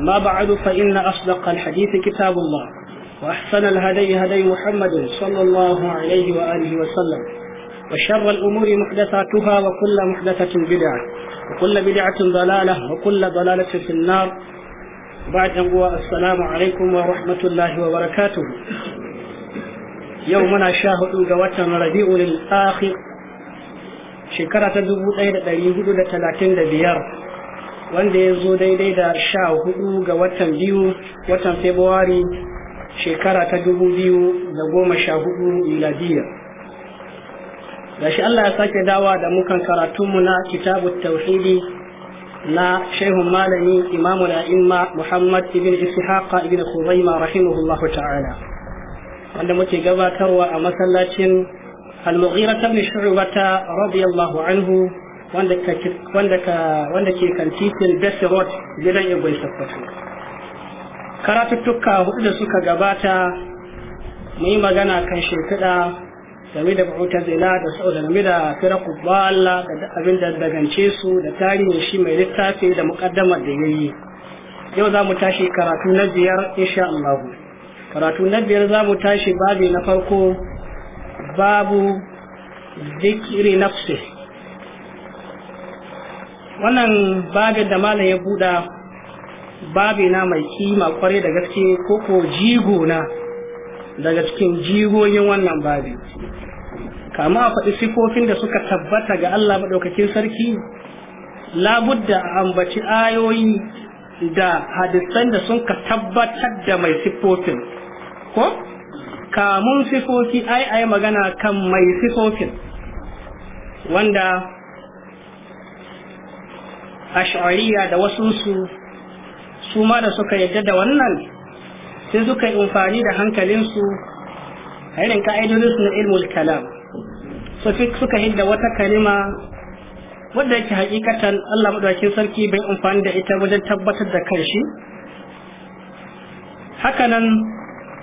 أما بعد فإن أصدق الحديث كتاب الله وأحسن الهدي هدي محمد صلى الله عليه وآله وسلم وشر الأمور محدثاتها وكل محدثة بدعة وكل بدعة ضلالة وكل ضلالة في النار بعد أن السلام عليكم ورحمة الله وبركاته يومنا شاهد جوات ربيع للآخر شكرة دبو أيضا يهود لتلاتين دبيار wanda ya zo daidai da sha hudu ga watan biyu watan februari shekara ta dubu biyu da goma sha hudu miladiyya gashi Allah ya sake dawa da mukan karatunmu na kitabu tauhidi na shehun malami imamu da imma muhammad ibn ishaqa ibn khuzaima rahimahullahu ta'ala wanda muke gabatarwa a masallacin al-mughira ibn shu'bata radiyallahu anhu wanda ke kan titin Best Road gidan Igwe Sokoto karatuttuka hudu da suka gabata mu yi magana kan shekada game da zina da sauda game da firaku kubala da abin da dagance su da tarihin shi mai littafi da muƙaddamar da yayi yau za mu tashi karatu na biyar insha Allah karatu na biyar za mu tashi babi na farko babu zikiri nafsi wannan babin da malam ya buɗa babina mai kima kwarai da gaske ko jigo na daga cikin jigoyin wannan babi kama a faɗi sifofin da suka tabbata ga Allah maɗaukakin sarki labudda a ambaci ayoyi da hadisan da sun ka tabbatar da mai sifofin ko kamun sifofi ai ai magana kan mai sifofin wanda ash'ariya da wasu su su ma da suka yadda da wannan sai suka yi amfani da hankalinsu a irin ka'idodin su na ilmul kalam suka hidda wata kalima wadda yake hakikatan Allah madaukakin sarki bai amfani da ita wajen tabbatar da kanshi hakanan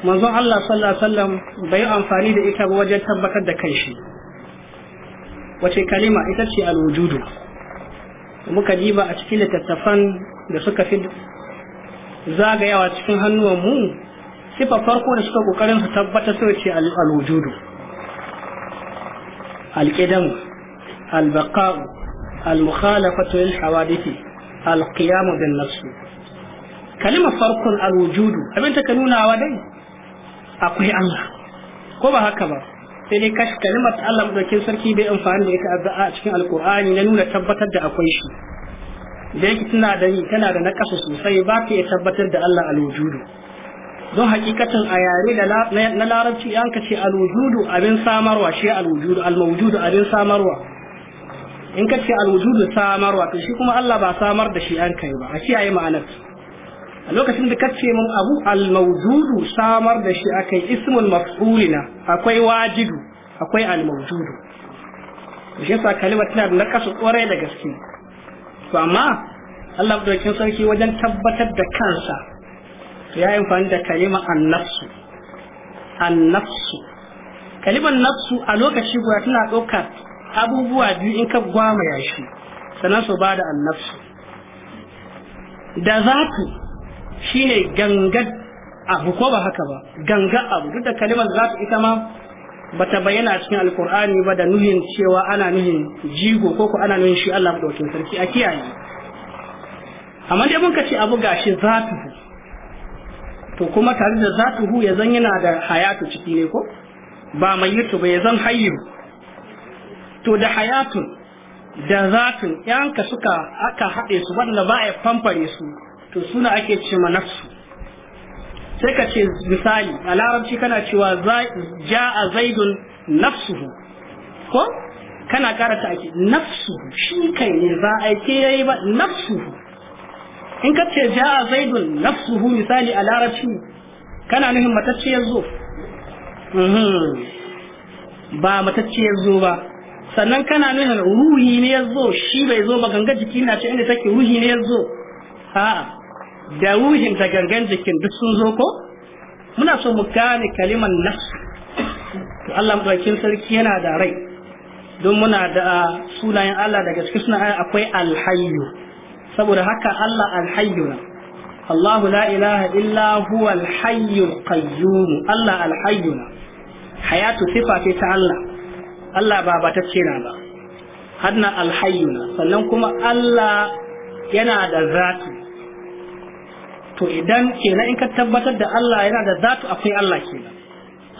manzon Allah sallallahu alaihi wasallam bai amfani da ita wajen tabbatar da kanshi wace kalima ita ce al-wujudu muka diba a cikin littattafan da suka fi zagayawa cikin hannuwan mu sifa farko da suka kokarin su tabbatar su ce al-wujudu al-qidam al-baqa'u al-mukhalafatu lil hawadithi al bin nafs kalimar farkon al-wujudu abin ta ka nunawa dai akwai Allah ko ba haka ba sai dai kashi kalimar Allah madaukin sarki bai amfani da ita addu'a a cikin alkur'ani na nuna tabbatar da akwai shi da yake tana da ni tana da nakasu sosai ba ka iya tabbatar da Allah alwujudu don hakikatan a yare na larabci an ka ce alwujudu abin samarwa shi al almawjudu abin samarwa in ka ce alwujudu samarwa to shi kuma Allah ba samar da shi an kai ba a kiyaye ma'anar a lokacin da ce mun abu al-mawjudu samar da shi akai ismul maf'ulina akwai wajidu akwai al-mawjudu shi yasa kalma tana da nakasu kwarai da gaske to amma Allah madaukakin sarki wajen tabbatar da kansa ya yi amfani da kalima an-nafsu an-nafsu kalimar nafsu a lokaci guda tana ɗaukar abubuwa biyu in ka gwamaya shi sannan su ba da an-nafsu da zatu Shi ne gangan abu ko ba haka ba ganga abu duk da kalimar za ta ita ma ba ta bayyana cikin alkur'ani ba da nuhin cewa ana nuhin jigo ko ko ana nuhin shi Allah madaukakin sarki a kiyaye amma dai mun kace abu gashi zatu to kuma tare da hu ya zan yana da hayatu ciki ne ko ba mai yutu ba ya zan hayyu to da hayatu da 'yan yanka suka aka haɗe su wanda ba a famfare su to suna ake ce ma nafsu sai ka ce misali a larabci kana cewa ja a zaidun nafsuhu ko kana kara ta ake nafsuhu shi kai ne za a ke yi ba nafsuhu in ka ce ja a zaidun nafsuhu misali a larabci kana nufin matacciyar zo mhm. ba matacciyar zo ba sannan kana nufin ruhi ne ya zo shi bai zo ba ganga jiki na ce inda take ruhi ne ya zo a'a da ruhin da gangan jikin duk sun zo ko muna so mu gane kalimar nafs to Allah madaukakin sarki yana da rai don muna da sunayen Allah daga cikin suna akwai alhayyu saboda haka Allah alhayyu na Allah la ilaha illa huwa alhayyu qayyum Allah alhayyu na hayatu sifa ce ta Allah Allah ba ba ta ce na ba hadna alhayyu na sannan kuma Allah yana da zati to idan kenan in ka tabbatar da Allah yana da zatu akwai Allah kenan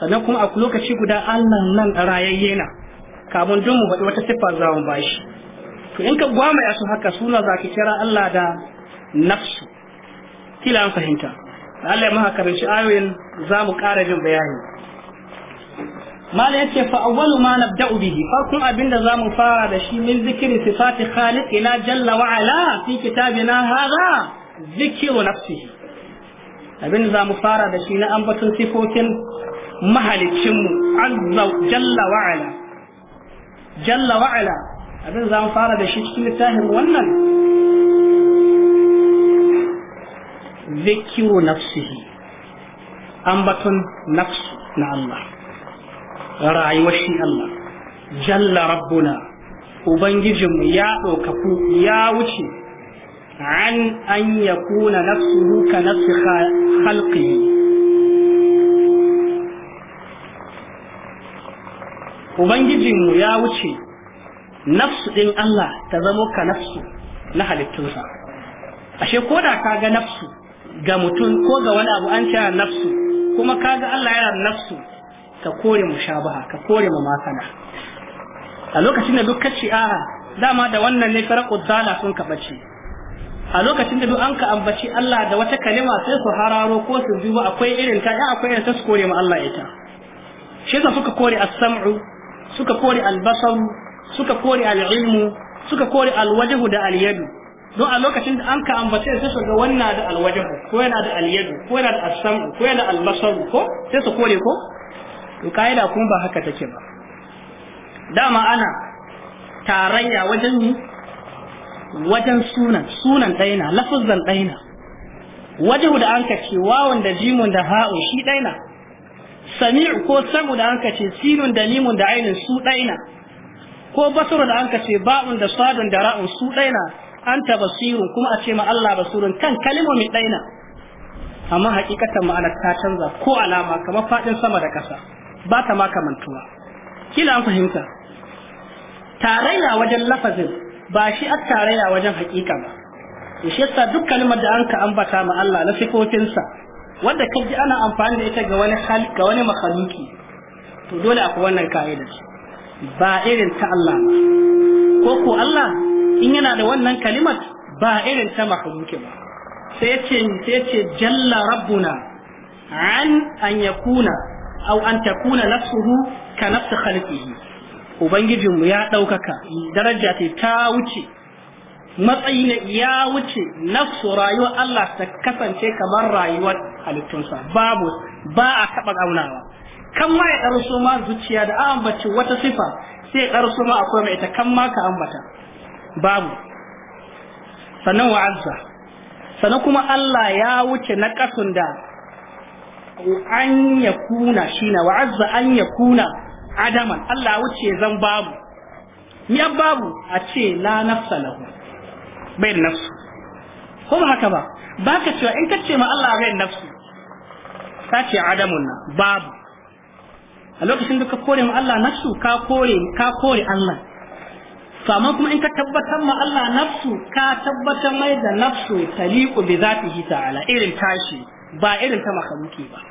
sannan kuma a lokaci guda Allah nan rayayye na kamun dun mu faɗi wata siffa za mu bashi to in ka gwamaya su haka suna za ki kira Allah da nafsu kila an fahimta Allah ya maha karanci ayoyin za mu ƙara jin bayani mala yace fa awwalu ma nabda'u bihi farkon abinda zamu fara da shi min zikri sifati khaliq Ina jalla wa ala fi kitabina hadha zikiru nafsihi abin za mu fara da shi na ambaton sifofin mahalicinmu azza jalla wa'ala jalla wa'ala abin za mu fara da shi cikin littafin wannan zikiru nafsihi ambaton nafsu na Allah rayuwar shi Allah jalla rabbuna ubangijinmu ya ɗaukaku ya wuce عن أن يكون نفسه كنفس خلقه Ubangijinmu ya wuce nafsu ɗin Allah ta zamo ka nafsu na halittunsa. Ashe ko da ka ga nafsu ga mutum ko ga wani abu an cewa nafsu kuma ka Allah yana nafsu ka kore mu shabaha ka kore mu masana. A lokacin da duk kaci dama da wannan ne farar dala sun kaɓace. a lokacin da duk an ka ambaci Allah da wata kalima sai su hararo ko su duba akwai irin ta akwai irin ta su kore ma Allah ita shi yasa suka kore as-sam'u suka kore al-basaru suka kore al-ilmu suka kore al-wajhu da al-yadu don a lokacin da an ka ambace sai su ga wannan da al-wajhu ko yana da al-yadu ko yana da as-sam'u ko yana da al-basaru ko sai su kore ko to kaida kuma ba haka take ba dama ana tarayya wajen ni wajen sunan sunan ɗaina lafuzan ɗaina wajen da an kace wawan da jimun da ha'u shi daina. sami'u ko samu da an kace sinun da limun da ainin su daina. ko basiru da an kace ba'un da sadun da ra'un su daina an basirun kuma a ce ma Allah basurun kan kalimomin daina. amma hakikatan ma'anar ta canza ko alama kamar faɗin sama da ƙasa ba ta ma kamantuwa kila an fahimta tarayya wajen lafazin ba shi a tarayya wajen hakika ba to shi yasa duk kalmar da anka ambata ma Allah na sifofinsa wanda kaji ana amfani da ita ga wani hal ga wani makhluki to dole akwai wannan kaida ba irin ta Allah ba ko ko Allah in yana da wannan kalimar ba irin ta makhluki ba sai yace sai yace jalla rabbuna an an yakuna aw an takuna nafsuhu ka nafsi khalqihi ubangijinmu ya ɗaukaka daraja ce ta wuce matsayi na ya wuce nafsu rayuwar Allah ta kasance kamar rayuwar halittunsa babu ba a taɓa ƙaunawa. kan ma ya ɗarso ma zuciya da an ambaci wata sifa sai ya ɗarso ma akwai mai ita kan ma ka ambata babu sannan wa'azza sannan kuma Allah ya wuce na ƙasun da an ya kuna shi na wa'azza an ya kuna adaman Allah wuce zan babu ya babu a ce la nafsa lahu bai nafsu ko ba haka ba ba ka cewa in ka ce ma Allah bai nafsu ka ce adamun na babu a lokacin da ka kore ma Allah nafsu ka kore ka kore Allah to amma kuma in ka tabbatar ma Allah nafsu ka tabbatar mai da nafsu taliqu bi zatihi ta'ala irin tashi ba irin ta makhluki ba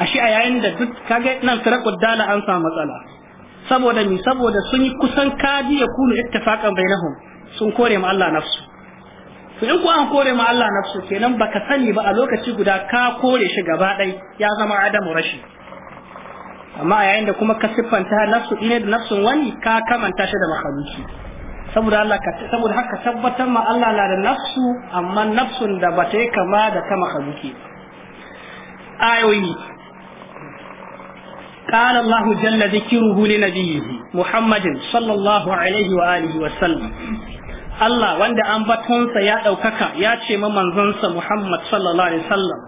ashe a yayin da duk kage nan firakul dala an samu matsala saboda mi saboda sun yi kusan kaji ya kunu ittifaqan bainahum sun kore ma Allah nafsu to in ko an kore ma Allah nafsu kenan baka sani ba a lokaci guda ka kore shi gaba dai ya zama adamu rashi amma a yayin da kuma ka siffanta nafsu ine da nafsun wani ka kamanta shi da makhluki saboda Allah ka saboda haka tabbatar ma Allah na da nafsu amma nafsun da ba ta yi kama da ta makhluki ayoyi قال الله جل ذكره لنبيه محمد صلى الله عليه وآله وسلم Allah wanda an batonsa ya ɗaukaka ya ce ma manzonsa Muhammad sallallahu alaihi wasallam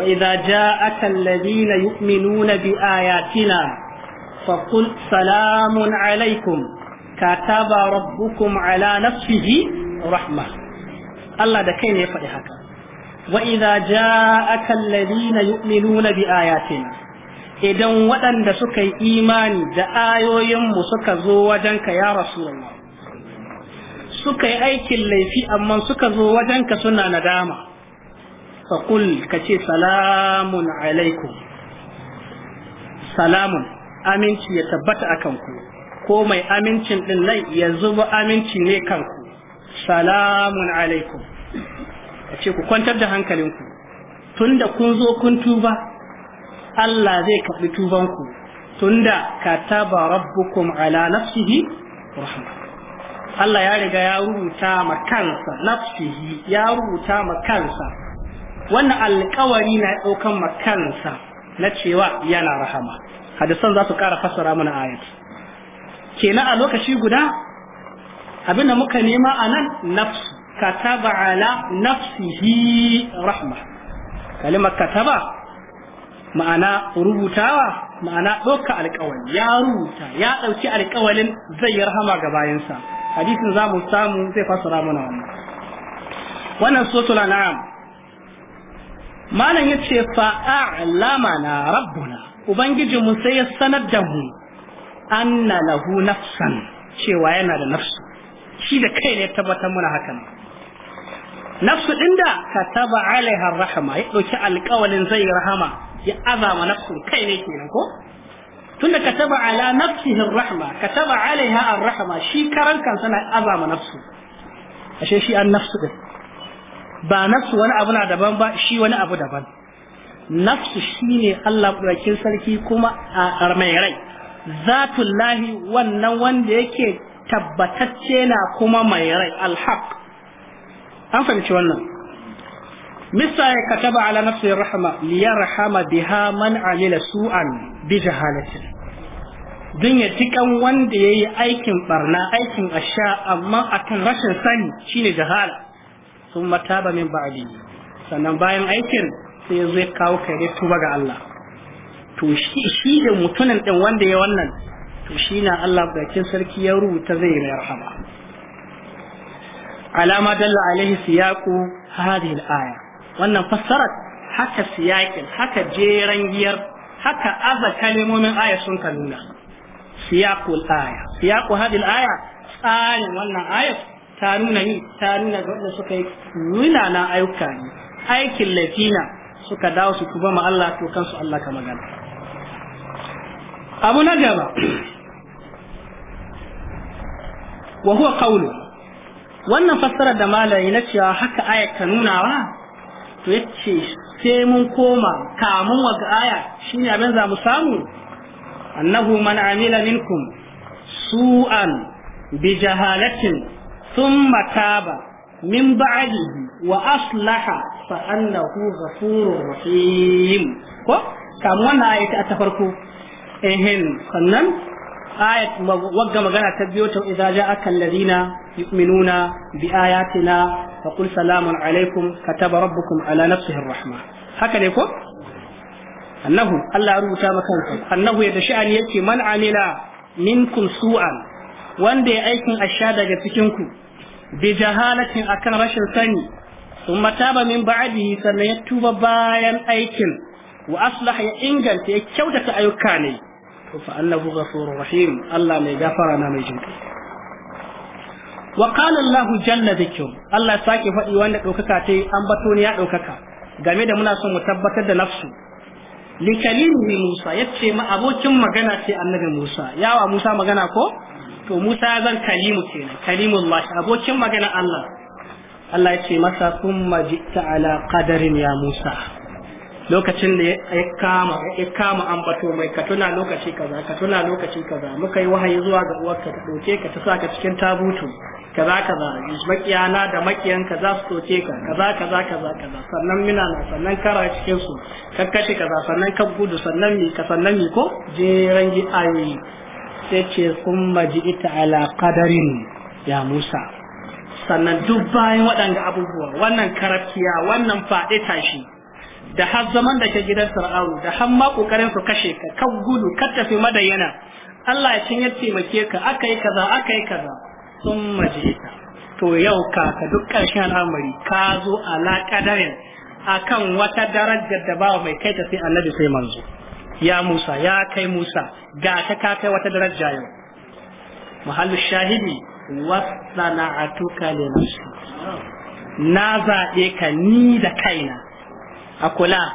wa idza ja'aka alladhina yu'minuna bi ayatina fa qul salamun alaikum kataba rabbukum ala nafsihi rahma Allah da kai ne ya faɗi haka wa idza ja'aka yu'minuna bi ayatina idan waɗanda suka yi imani da ayoyinmu suka zo wajenka ya rasulullah suka yi aikin laifi amma suka zo wajenka suna nadama faƙul ka ce salamun alaikum salamun aminci ya tabbata a kanku ko mai amincin ɗin nan ya zuba aminci ne kanku salamun alaikum ka ce ku kwantar da hankalinku tunda kun zo kun tuba Allah zai karɓi tubanku tunda kataba rabbukum ala nafsihi rahma Allah ya riga ya rubuta ma nafsihi ya rubuta ma kansa wannan alƙawari na ɗaukan ma na cewa yana rahama hadisan za su ƙara fassara mana ayat kenan a lokaci guda abinda muka nema a nan nafsu kataba ala nafsihi rahma kalimar kataba ma'ana rubutawa ma'ana ɗauka alƙawari ya rubuta ya ɗauki alƙawalin zai yarhama rahama ga bayansa hadisin za mu samu zai fasara mana wannan wannan sotul an'am malam yace fa a'lamana rabbuna ubangiji mu sai ya sanar da mu anna lahu nafsan cewa yana da nafsu shi da kai ne tabbatar mana hakan nafsu inda ka taba alaiha rahama ya ɗauki alƙawalin zai rahama ya azama nafsu kai ne kenan ko tunda kataba ala rahama ka taba alaiha rahama shi karan kansa na azama nafsu ashe shi an nafsu ɗin. ba nafsu wani abu na daban ba shi wani abu daban nafsu shine Allah ɗaukin sarki kuma a mai rai zatullahi wannan wanda yake tabbatacce na kuma mai rai alhaq an fahimci wannan misa ya kataba ala nafsi rahama liyarhama biha man amila su'an bi jahalatin don ya tikan wanda ya yi aikin barna aikin asha amma akan rashin sani shine jahala sun mataba min ba'adi sannan bayan aikin sai zai kawo kai kawo kare tuba ga Allah to shi da mutumin din wanda ya wannan to shi na Allah bakin sarki ya rubuta zai yi rahama alama dalla alaihi siyaqu hadhihi al-aya wannan fassarar haka siyaqin haka jeran giyar haka aza kalmomin aya sun ka nuna siyaqu al-aya siyaqu hadhihi al-aya tsarin wannan aya ta nuna ni ta nuna wanda suka yi nuna na ayyuka ne aikin lafina suka dawo su tuba ma Allah to kansu Allah ka magana abu na gaba wa huwa qawlu wannan fassarar da malami na cewa haka ayat ta nunawa to yace sai mun koma kamun wa ga aya ne abin za mu samu annahu man amila minkum su'an bi jahalatin thumma taba min ba'dihi wa aslaha fa annahu ghafurur rahim ko kamun wannan ayat ta farko ehin sannan Aya wagga magana ta biyo ta idza ja'aka alladhina yu'minuna bi ayatina fa qul salamun alaikum kataba rabbukum ala nafsihi rahma haka ne ko annahu Allah ya rubuta maka annahu ya da sha'ani yake man amila minkum su'an wanda ya aikin asha daga cikin ku bi jahalatin akan rashin sani thumma taba min ba'dihi sannan ya tuba bayan aikin wa ya inganta ya kyautata ayyuka ne فأنه غفور رحيم الله مي غفرنا مي جنك وقال الله جل ذكر الله ساكي فدي وانا دوكاكا تي امباتوني يا دوكاكا game da muna son mu tabbatar da nafsu li kalimi Musa yace ma abokin magana ce annabi Musa yawa Musa magana ko to Musa ya zan kalimu kenan kalimullah abokin magana Allah Allah ya ce masa kuma ji'ta ala qadarin ya Musa lokacin da ya kama ya kama ambato mai ka tuna lokaci kaza ka tuna lokaci kaza muka yi wahayi zuwa ga uwarka ta doke ka ta saka cikin tabutu kaza kaza makiyana da makiyanka za su doke ka kaza kaza kaza kaza sannan mina na sannan kara cikin su kakkashi kashe kaza sannan ka gudu sannan mi ka sannan mi ko jeran gi ayoyi sai ce kun maji ita ala qadarin ya Musa sannan duk bayan waɗanda abubuwa wannan karatiya wannan faɗi tashi da har zaman da ke gidan fir'aunu da har ma kokarin su kashe ka kan gudu ka tafi madayyana Allah ya cin ya taimake ka aka yi kaza aka yi kaza sun ka. to yau ka ka duk ƙarshen al'amari ka zo ala kadarin akan wata darajar da ba mai kai ta sai annabi sai manzo ya Musa ya kai Musa ga ka ka kai wata daraja yau mahallu shahidi wasana'atuka li na zaɓe ka ni da kaina a kula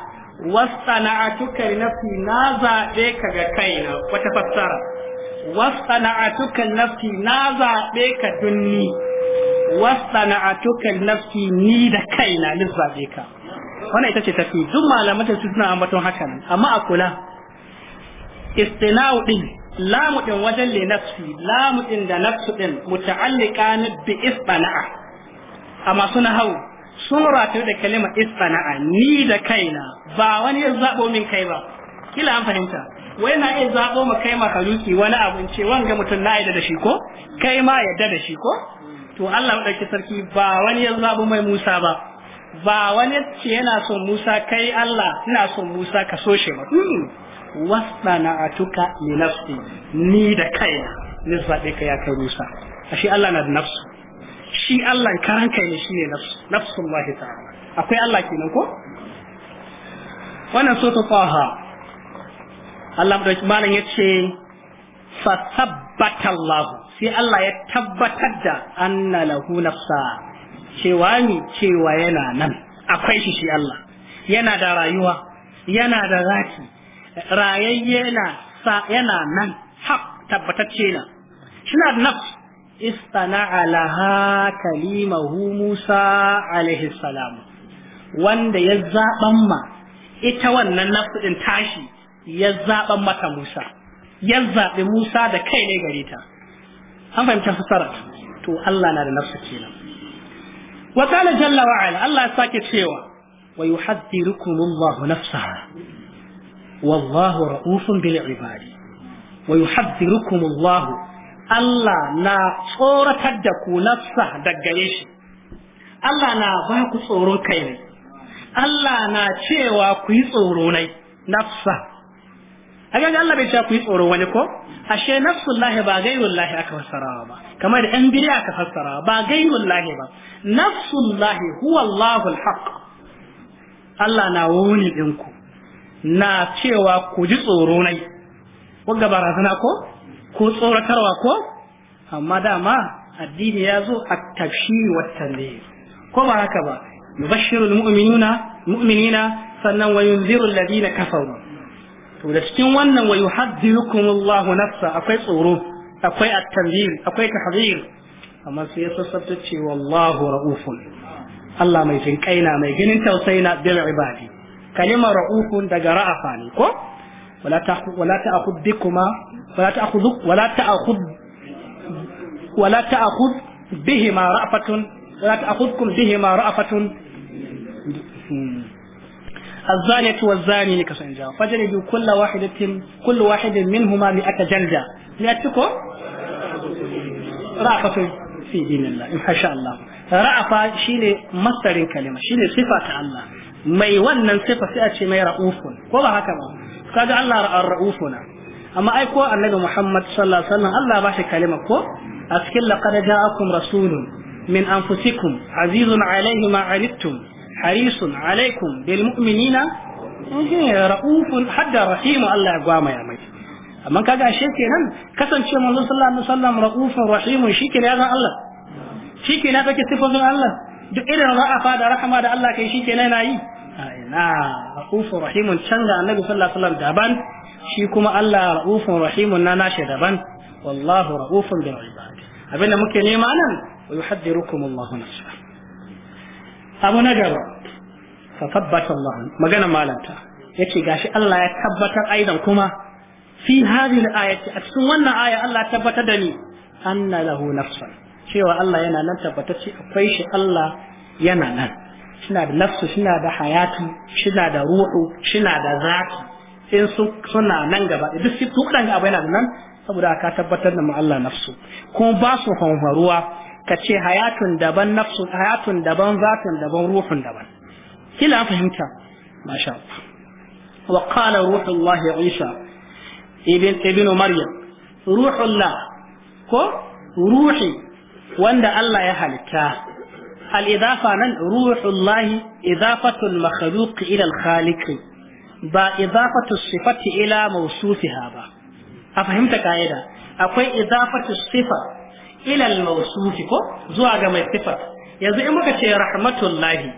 a tukar nafsi na zaɓe ka ga kaina wata fassara a tukar nafsi na zaɓe ka dunni a tukar nafsi ni da kaina ni zaɓe ka wannan ita ce tafi duk malaman su suna ambaton hakan amma a kula istina'u din lamu din wajen li nafsi lamu din da nafsu din muta'alliqa bi isbana'a amma suna hau. sun ratu da kalima istana'a ni da kaina ba wani ya zabo min kai ba kila an fahimta wai na iya zabo ma kai makaluki wani abin ce wanga mutum na yadda da shi ko kai ma yadda da shi ko to Allah dauki sarki ba wani ya zabo mai Musa ba ba wani ce yana son Musa kai Allah ina son Musa ka so shi ba hmm. wasana'atuka ni nafsi ni da kaina ni zabe ka ya kai Musa ashe Allah na da nafsu shi Allah karan kai ne ne nafsu nafsun akwai Allah kenan ko wannan sura faha Allah da malam yace fa tabbata Allah sai Allah ya tabbatar da anna lahu nafsa cewa ni cewa yana nan akwai shi shi Allah yana da rayuwa yana da zaki rayayye yana yana nan haq tabbatacce na shi na nafsu istana'a laha kalimahu Musa alaihi salam wanda ya zaban ma ita wannan nafsu din tashi ya zaban mata Musa ya zabi Musa da kai ne gare ta an fahimta fasara to Allah na da nafsu kenan wa qala jalla wa ala Allah ya sake cewa wa yuhaddirukum Allah nafsaha wallahu ra'ufun bil ibadi wa yuhaddirukum Allah Allah na tsoratar da ku nafsa daggare shi Allah na ba ku tsoron kai ne Allah na cewa ku yi tsoro nai nafsa aga Allah bai cewa ku yi tsoro wani ko ashe lahi ba lahi aka fassara ba kamar da ɗan bid'a aka fassara ba lahi ba lahi huwa Allahul haqq Allah na wuni ɗinku na cewa ku ji tsoro nai wagga barazana ko ko tsoratarwa ko amma dama addini ya zo a tafshiri wa ko ba haka ba mubashshirul mu'minuna mu'minina sannan wa yunziru alladhina kafaru to da cikin wannan wa yuhaddirukum Allah nafsa akwai tsoro akwai at-tanzir akwai tahzir amma sai ya sassabta ce wallahu ra'ufun Allah mai jinkaina mai ginin tausayi na bil ibadi kalimar ra'ufun daga ra'afa ne ko ولا تأخذ ولا تأخذ بكما ولا تأخذ ولا تأخذ ولا تأخذ بهما رأفة ولا تأخذكم بهما رأفة الزانية والزاني نكسن فجلدوا كل واحدة كل واحد منهما مئة جلدة مئتكم رأفة في دين الله إن شاء الله رأفة شيل مصدر كلمة شيل صفة الله ما يوانا صفة sai ما يرأوفون والله هكذا kaga Allah ar-raufuna amma ai ko annabi Muhammad sallallahu alaihi wasallam Allah ba shi kalima ko a cikin laqad ja'akum rasulun min anfusikum azizun alaihi ma anittum harisun alaikum bil mu'minina eh, raufun hadda rahimu Allah ya gwama ya mai amma kaga ashe kenan kasance manzo sallallahu alaihi wasallam raufun rahimun shikenan ya zan Allah shikenan kake sifofin Allah duk irin ra'afa da rahama da Allah kai shikenan yana yi na ra'ufun rahimun can da annabi sallallahu alaihi wasallam daban shi kuma Allah ra'ufun rahimun na nashi daban wallahu ra'ufun bil ibad abinda muke nema nan wa yuhaddirukum Allahu nafsa abu na gaba fa tabbata Allah magana malanta yace gashi Allah ya tabbatar aidan kuma fi hadhihi al-ayati a cikin wannan aya Allah tabbatar da ni anna lahu nafsan cewa Allah yana nan tabbatacce akwai shi Allah yana nan shina da nafsu shina da hayatu shina da ruhu shina da zaki in suna nan gaba duk su dukkan abu yana da nan saboda ka tabbatar da mu Allah nafsu kuma ba su hanfaruwa ka ce hayatun daban nafsu hayatun daban zatun daban ruhun daban kila fahimta masha Allah wa qala ruhullahi Isa ibn ibn Maryam ruhullah ko ruhi wanda Allah ya halitta al-idafa nan ruhullahi idafatul makhluq ila al-khaliq ba idafatu sifati ila mawsufiha ba a fahimta kaida akwai idafatu sifa ila al-mawsufi ko zuwa ga mai sifa yanzu in muka ce rahmatullahi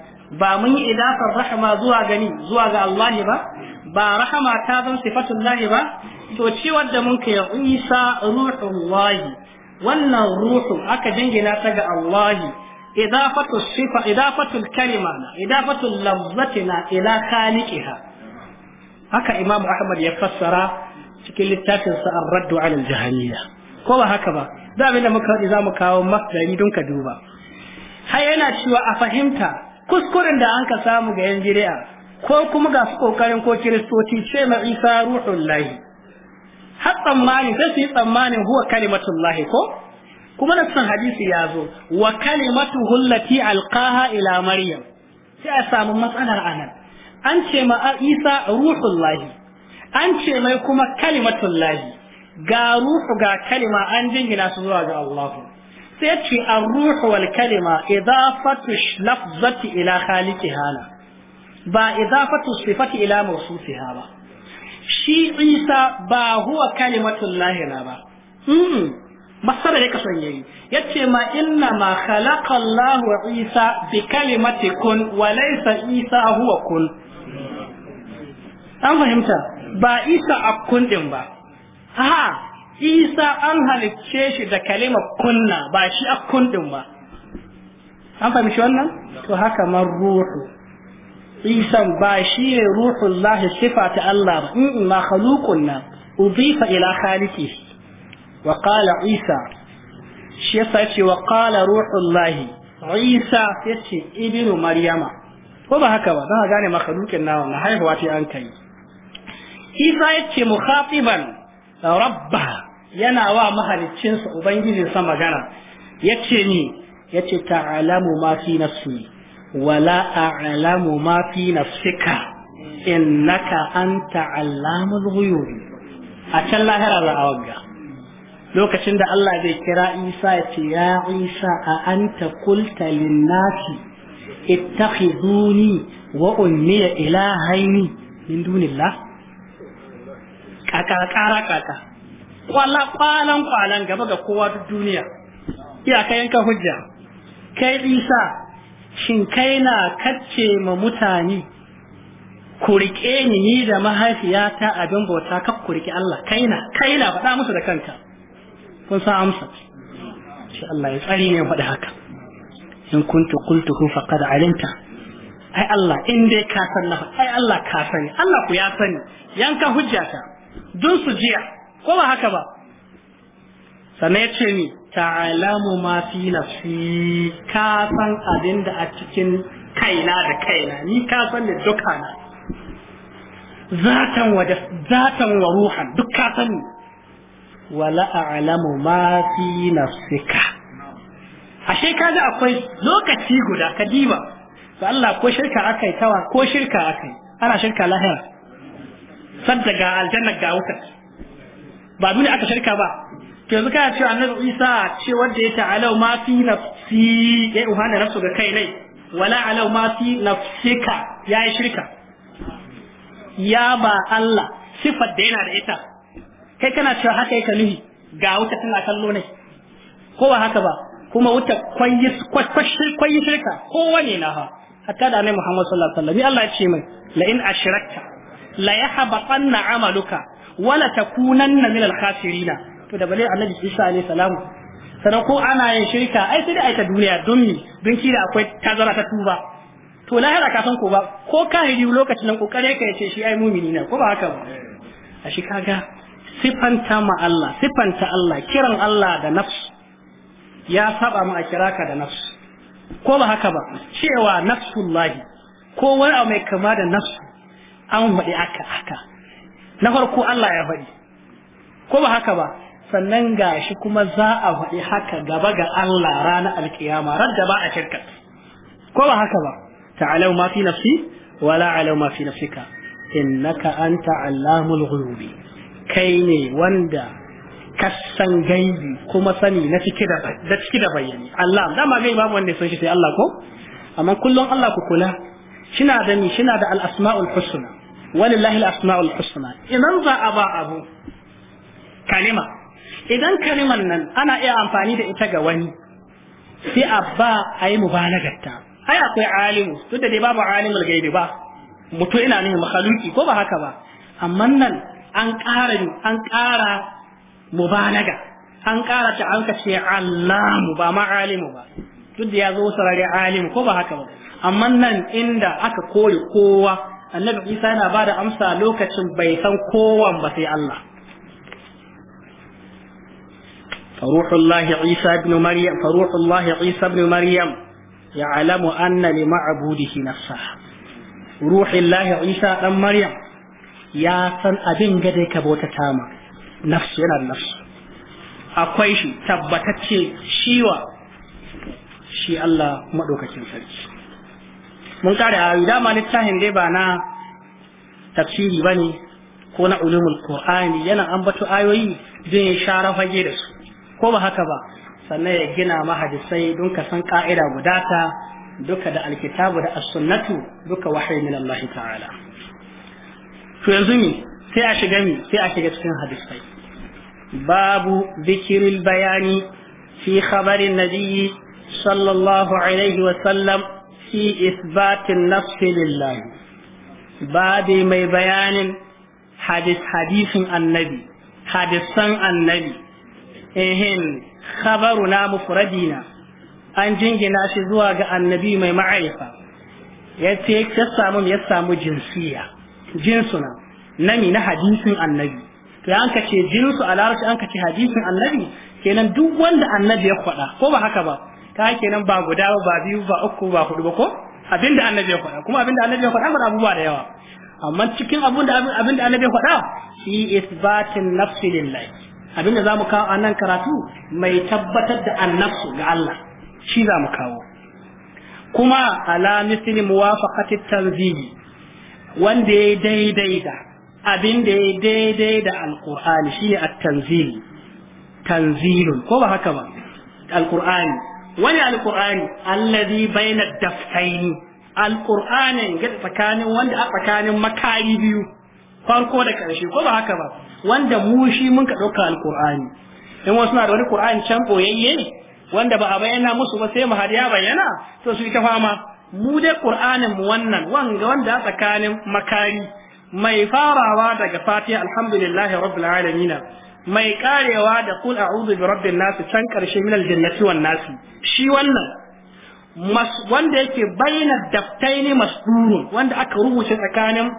ba mun yi idafar rahama zuwa gani zuwa ga Allah ba ba rahama ta zan sifatullahi ba to ci wadda mun kai Isa ruhullahi wannan ruhu aka jingina ta ga Allah idafatu sifa idafatu kalima na idafatu lafzatina ila khaliqiha haka imam ahmad ya fassara cikin littafin sa ar-raddu ala ko ba haka ba da abinda muka za mu kawo masdari don ka duba har yana cewa a fahimta kuskuren da an ka samu ga yan jiri'a ko kuma ga su kokarin ko kiristoci sai ma isa ruhul lahi har tsammani sai su yi tsammanin huwa kalimatun lahi ko kuma san hadisi ya zo wa kalimatu hullati alqaha ila maryam sai a samu matsalar anan an ce ma isa ruhullahi an ce mai kuma kalimatullahi ga ruhu ga kalima an jingina su zuwa ga Allah sai ce ar-ruhu wal kalima idafatu lafzati ila khaliqiha ba idafatu sifati ila mawsufiha ba shi isa ba huwa kalimatullahi la ba masara ya kasan yayi yace ma inna ma khalaqa Allah wa Isa bi kalimati kun wa laysa Isa huwa kun an fahimta ba Isa akun din ba ha Isa an halicce shi da kalima kunna ba shi akun din ba an fahimci wannan to haka man ruhu Isa ba shi ne ruhun lahi sifa Allah ba in ma khaluqun na udifa ila khaliqihi wa isa shi yasa yace wa qala ruhullahi isa yace ibnu maryama ko ba haka ba za gane makhluqin nawa na haihuwa ta an kai isa yace mukhatiban rabba yana wa mahaliccinsa ubangijinsa magana yace ni yace ta'alamu ma fi nafsi wala a'lamu ma fi nafsika innaka anta allamul ghuyub a can lahira za a wagga lokacin da Allah zai kira Isa ya ce ya Isa a anta qulta ita nasi ittakhizuni wa ummi ilahaini min dunillah kaka kara kaka kwala kwalan kwalan gaba ga kowa duk duniya kai yanka hujja kai Isa shin kai na kacce ma mutane ku riƙe ni ni da mahaifiyata abin bauta kak ku riƙe Allah kaina kaina faɗa musu da kanka kun san amsa shi Allah ya tsari ne faɗi haka in kuntu qultuhu faqad alimta ai Allah in dai ka san na ai Allah ka sani Allah ku ya sani yanka hujjata dun su jiya ko ba haka ba sannan ya ce ni ta'alamu ma fi nafsi ka san abin da a cikin kaina da kaina ni ka san da dukana zatan wa zatan wa ruhan duk ka sani wala a'lamu ma fi nafsika ashe kaji akwai lokaci guda ka diba to Allah ko shirka akai tawa ko shirka akai ana shirka lahira sadda ga aljanna ga wuta ba dole aka shirka ba to yanzu kana cewa annabi Isa ce wanda ya ta'ala ma fi nafsi ya uhana nafsu ga kai nai wala alau ma fi nafsika yi shirka ya ba Allah sifar da yana da ita kai kana cewa haka yake nuhi ga wuta tana kallo ne ko ba haka ba kuma wuta kwayi shirka kowane na ha hatta da annabi Muhammad sallallahu alaihi wasallam Allah ya ce mai la in ashrakta la yahbatanna amaluka wala takunanna min al-khasirina to da bale annabi Isa alaihi salamu sanan ko ana yin shirka ai sai dai ta duniya don mi don kira akwai tazara ta tuba to lahira ka san ko ba ko ka hiri lokacin nan kokare ka yace shi ai mumini ne ko ba haka ba a shi kaga sifanta ma Allah sifanta Allah kiran Allah da nafsu ya saba mu a kira ka da nafsu ko ba haka ba cewa nafsullahi ko wani abu mai kama da nafsu an faɗi aka haka na farko Allah ya faɗi ko ba haka ba sannan gashi kuma za a faɗi haka gaba ga Allah ranar alkiyama radda ba a shirka ko ba haka ba ta'alau ma fi nafsi wala alau ma fi nafsika innaka anta allamul ghuyubi kai ne wanda kasan gaibi kuma sani na ciki da ciki bayani Allah dama gaibi babu wanda ya san shi sai Allah ko amma kullum Allah ku kula shina da ni shina da al-asma'ul husna walillahi al-asma'ul husna idan za a ba abu kalima idan kaliman nan ana iya amfani da ita ga wani sai a ba a yi mubalagarta ai akwai alimu duk da dai babu alimul gaibi ba mutum ina nuna makhaluki ko ba haka ba amma nan an ƙara an ƙara mubalaga an ƙara ta an kace allamu ba ma alimu ba duk da ya zo sarari alimu ko ba haka ba amma nan inda aka kore kowa annabi isa yana ba da amsa lokacin bai san kowan ba sai allah فروح الله عيسى بن مريم فروح الله عيسى بن مريم يعلم أن لمعبوده نفسه روح الله عيسى بن مريم ya san abin gade ka bauta tama nafsu yana da nafsu akwai shi tabbatacce shiwa shi Allah maɗaukacin sarki mun kare a dama littafin dai ba na tafsiri ba ne ko na ulumul qur'ani yana ambato ayoyi don ya share fage da su ko ba haka ba sannan ya gina mahadisai don ka san ka'ida guda ta duka da alkitabu da as-sunnatu duka wahayi min Allah ta'ala to yanzu sai a shiga mi sai a shiga cikin hadisai babu zikirin bayani fi khabarin nabiyyi sallallahu alaihi wa sallam fi isbatin nafsi lillahi babu mai bayanin hadis hadisin annabi hadisan annabi ehin khabaru na mufradina an jingina shi zuwa ga annabi mai ma'arifa ya ya samu ya samu jinsiya jinsuna nami na hadisin annabi to an ka ce jinsu a larabci an ce hadisin annabi kenan duk wanda annabi ya faɗa ko ba haka ba ka kenan ba guda ba biyu ba uku ba hudu ba ko abinda annabi ya faɗa kuma abinda annabi ya faɗa mana abubuwa da yawa amma cikin abin da abinda annabi ya faɗa shi isbatin nafsi lillahi abinda zamu kawo anan karatu mai tabbatar da annabsu ga Allah shi zamu kawo kuma ala misli muwafaqati tanzili wanda ya daidai da abin da ya daidai da alkur'ani ne a tanzil tanzilun ko ba haka ba alkur'ani wani alkur'ani allazi baina daftaini alkur'anin ga tsakanin wanda a tsakanin makari biyu farko da karshe ko ba haka ba wanda mu shi mun ka dauka alkur'ani in wasu na da wani kur'ani can boyayye wanda ba a bayyana musu ba sai mu har ya bayyana to su ita fama mu dai ƙur'anin mu wannan wanga wanda tsakanin makari mai farawa daga fatiha alhamdulillahi rabbil alamin mai karewa da kul a'udhu bi rabbin nas can karshe min aljannati wan nas shi wannan wanda yake bayyana daftaini masdurun wanda aka rubuce tsakanin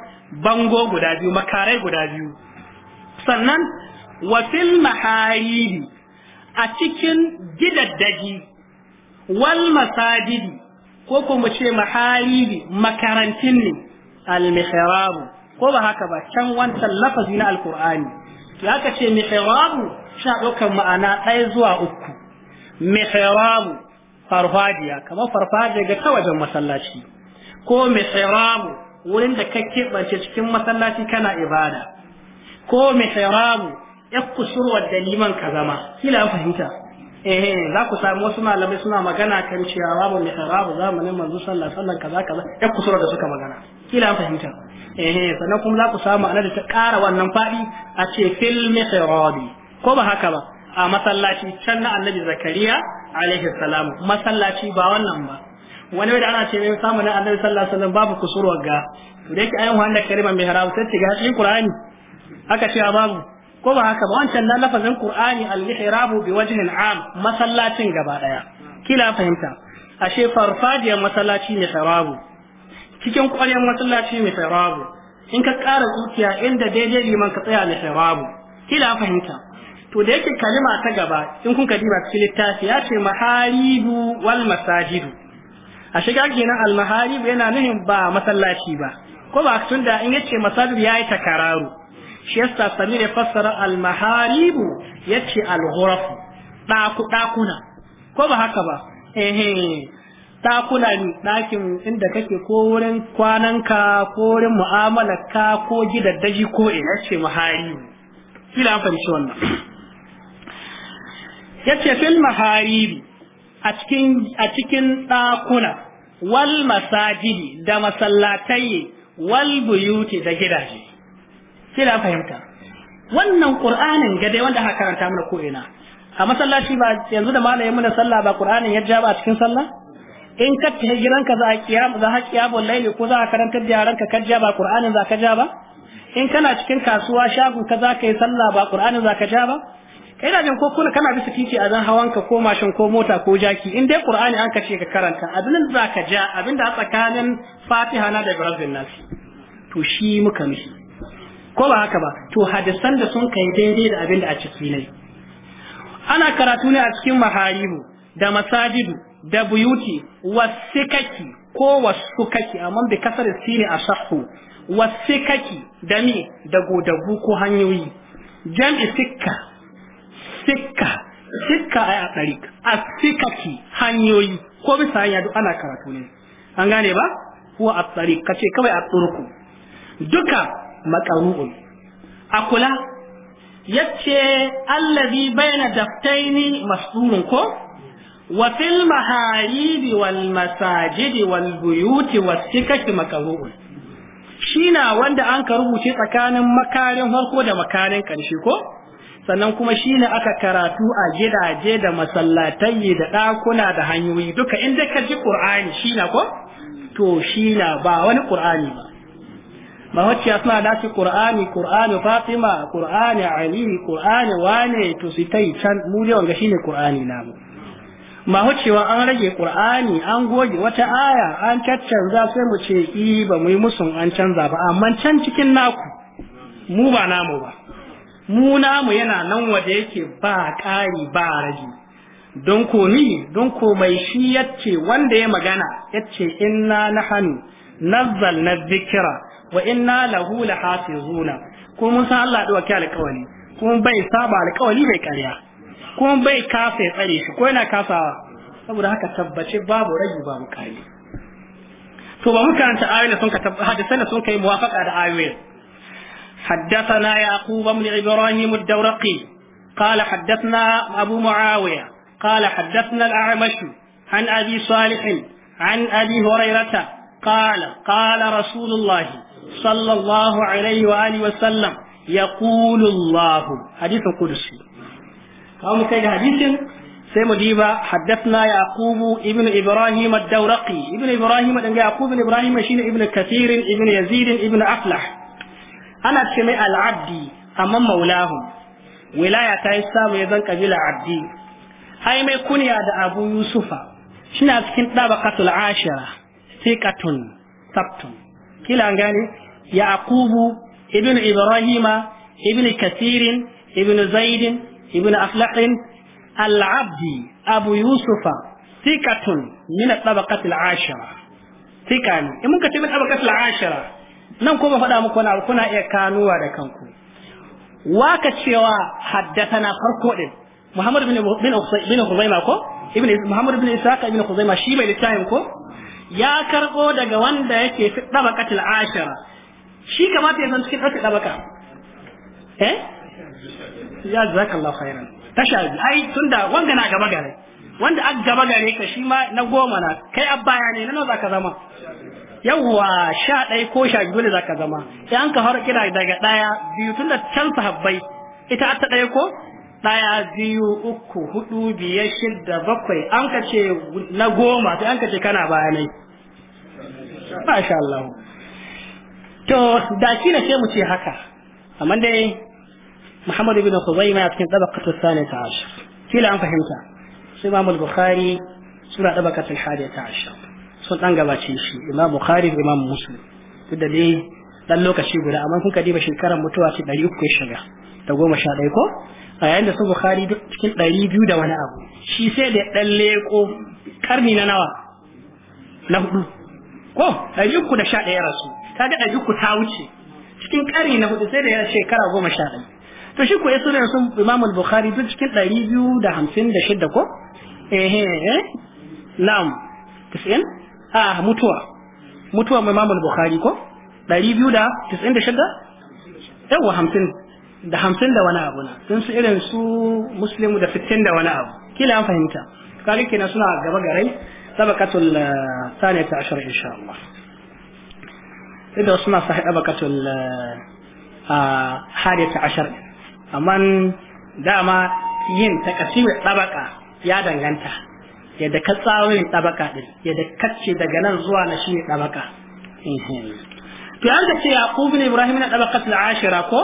bango guda biyu makarai guda biyu sannan wa fil maharibi a cikin gidaddaji wal masajidi ko kuma ce maharibi makarantin ne al ko ba haka ba can wancan lafazi na alkur'ani to aka ce mihrabu sha ɗaukar ma'ana ɗaya zuwa uku mihrabu farfajiya kamar farfajiya ga ta wajen masallaci ko mihrabu wurin da ka keɓance cikin masallaci kana ibada ko mihrabu ya kusurwar da liman ka zama kila fahimta eh za ku samu wasu malamai suna magana kan cewa babu mihrabu zamanin manzo sallallahu alaihi wasallam kaza kaza ya kusura da suka magana kila an fahimta eh sannan kuma za ku samu anada ta ƙara wannan fadi a ce fil mihrabi ko ba haka ba a masallaci can na annabi zakariya alaihi salam masallaci ba wannan ba wani wanda ana ce mai samu na annabi sallallahu alaihi wasallam babu kusurwa ga to dai ayyuhan da karima mihrab sai ga cikin qur'ani aka ce babu ko ba haka ba wancan na lafazin qur'ani al-ihrabu bi wajhin am masallacin gaba daya kila fahimta ashe farfajiyar masallaci mai sarabu cikin ƙwaryar masallaci ne sarabu in ka ƙara zuciya inda daidai liman ka tsaya ne sarabu kila fahimta to da yake kalima ta gaba in kun ka diba cikin littafi ya ce maharibu wal masajidu a shiga kenan al maharibu yana nuhin ba masallaci ba ko ba da in yace masajidu yayi takararu shi yasa samir ya fassara al-maharibu yace al-ghuraf daku dakuna ko ba haka ba eh dakuna ne dakin inda kake ko wurin kwananka ko wurin mu'amalarka ko gidaddaji ko ina ce maharibu kila an fahimci wannan yace fil maharibi a cikin a cikin dakuna wal masajidi da masallatai wal buyuti da gidaje sai da fahimta wannan qur'anin ga wanda aka karanta mana ko ina a masallaci ba yanzu da malamin mana sallah ba qur'anin ya ja ba a cikin sallah in ka tafi gidanka za a kiyam za a kiyamul laili ko za a karanta da yaranka ka ja ba qur'anin za ka ja ba in kana cikin kasuwa shago ka za ka yi sallah ba qur'anin za ka ja ba kai da jin ko kuna kana bisa titi a zan hawanka ko mashin ko mota ko jaki in dai qur'ani an ka ce ka karanta abin da za ka ja abin da a tsakanin fatiha na da ibrahim nasi to shi muka mishi ko ba haka ba to hadisan da sun kai daidai da abin da a ciki ne ana karatu ne a cikin maharibu da masajidu da buyuti wasikaki ko wasukaki amma bi kasar sini a sahu wasikaki da mi da godagu ko hanyoyi jam'i sikka sikka sikka ai a tsari a sikaki hanyoyi ko bisa hanya duk ana karatu ne an gane ba huwa a tsari kace kawai a turku duka a akula yace allazi baina daftaini masrurun ko wa fil maharibi wal masajidi wal buyuti wasikaki maqru'un shina wanda an ka rubuce tsakanin makarin farko da makarin karshe ko sannan kuma shine aka karatu a gidaje da masallatai da ɗakuna da hanyoyi duka inda ka ji qur'ani shina ko to shina ba wani qur'ani ba mawacciya suna dace qur'ani qur'ani fatima qur'ani ali qur'ani wane to su tai can mu ne wanga shine qur'ani namu an rage qur'ani an goge wata aya an caccanza sai mu ce i ba mu yi musun an canza ba amma can cikin naku mu ba namu ba mu namu yana nan wanda yake ba ƙari ba rage don ko ni don ko mai shi yace wanda ya magana yace inna nahanu nazzalna dhikra wa inna lahu lahafizuna ko mun san Allah da wakil alƙawari kuma bai saba alƙawari bai ƙarya kuma bai kasa ya tsare shi ko yana kasawa saboda haka tabbace babu ragi ba mu kare to ba mu karanta ayoyin sun ka hadisan sun kai muwafaqa da ayoyin حدثنا يعقوب بن إبراهيم الدورقي قال حدثنا أبو معاوية قال حدثنا الأعمش عن أبي صالح عن أبي هريرة قال قال رسول الله صلى الله عليه وآله وسلم يقول الله حديث قدسي قام كيد حديث سيم ديبا حدثنا يعقوب ابن إبراهيم الدورقي ابن إبراهيم ابن يعقوب ابن إبراهيم شين ابن كثير ابن يزيد ابن أفلح أنا تسمي العبدي أمام مولاهم ولاية تايسام يزن قبيلة عبدي أي ما يكون يا أبو يوسف شنا سكنت دابقة العاشرة ثقة ثبت kila an gane yaqubu ibn ibrahima ibnu kasirin ibn zaidin ibn aflahin al-abdi abu yusufa sikatun min tabaqatil ashara sikani in muka ce min tabaqatil ashara nan ko ba faɗa muku wani kuna iya kanuwa da kanku waka cewa haddathana farko din muhammad bin bin bin ko ibn bin ishaq ibn khuzaima shi bai littafin ko ya karbo daga wanda yake fi dabaqatil ashara shi kamata ya san cikin ɗauke dabaka eh ya zaka Allah khairan tasha ai tunda wanda na gaba gare wanda a gaba gare ka shi ma na goma na kai abba ya ne nan zaka zama yawwa sha ɗaya ko sha biyu ne zaka zama sai an ka har kira daga ɗaya biyu tunda can sahabbai ita ta ɗaya ko ɗaya biyu uku hudu biyar shida bakwai an ka ce na goma sai an ka ce kana baya masha Allah to da shi na ce mu ce haka amma dai Muhammad ibn Khuzaima ya cikin tabaqatu sanata ashar kila an fahimta sai Imam bukhari sura tabaqatu al-hadiyata ashar sun dan gabace shi Imam Bukhari da Imam Muslim duk da dai dan lokaci guda amma kun ka diba shekarar mutuwa ce 300 shiga da goma sha ɗaya ko a yayin da su bukhari duk cikin ɗari biyu da wani abu shi sai da ɗan leƙo karni na nawa na hudu ko ɗari uku da sha ɗaya rasu ta ga ɗari uku ta wuce cikin ƙarni na hudu sai da ya shekara goma sha ɗaya to shi ko ya suna sun imamul bukhari duk cikin ɗari biyu da hamsin da shidda ko ehe eh? na'am tis'in a mutuwa mutuwa imamul bukhari ko ɗari biyu da tis'in da shidda yawwa hamsin da hamsin da wani abu na sun su irin su muslimu da sittin da wani abu kila an fahimta kaga kenan suna gaba garai sabaqatul eh, saniyata ashar insha Allah da wasu masu haɗabakatul hadita eh, ashar amma dama yin takasirin ɗabaka ya danganta yadda ka tsarin ɗabaka ɗin yadda kacce daga nan zuwa na shi ɗabaka to an ka ce ya ƙubin ibrahim na ɗabakatul ashira ko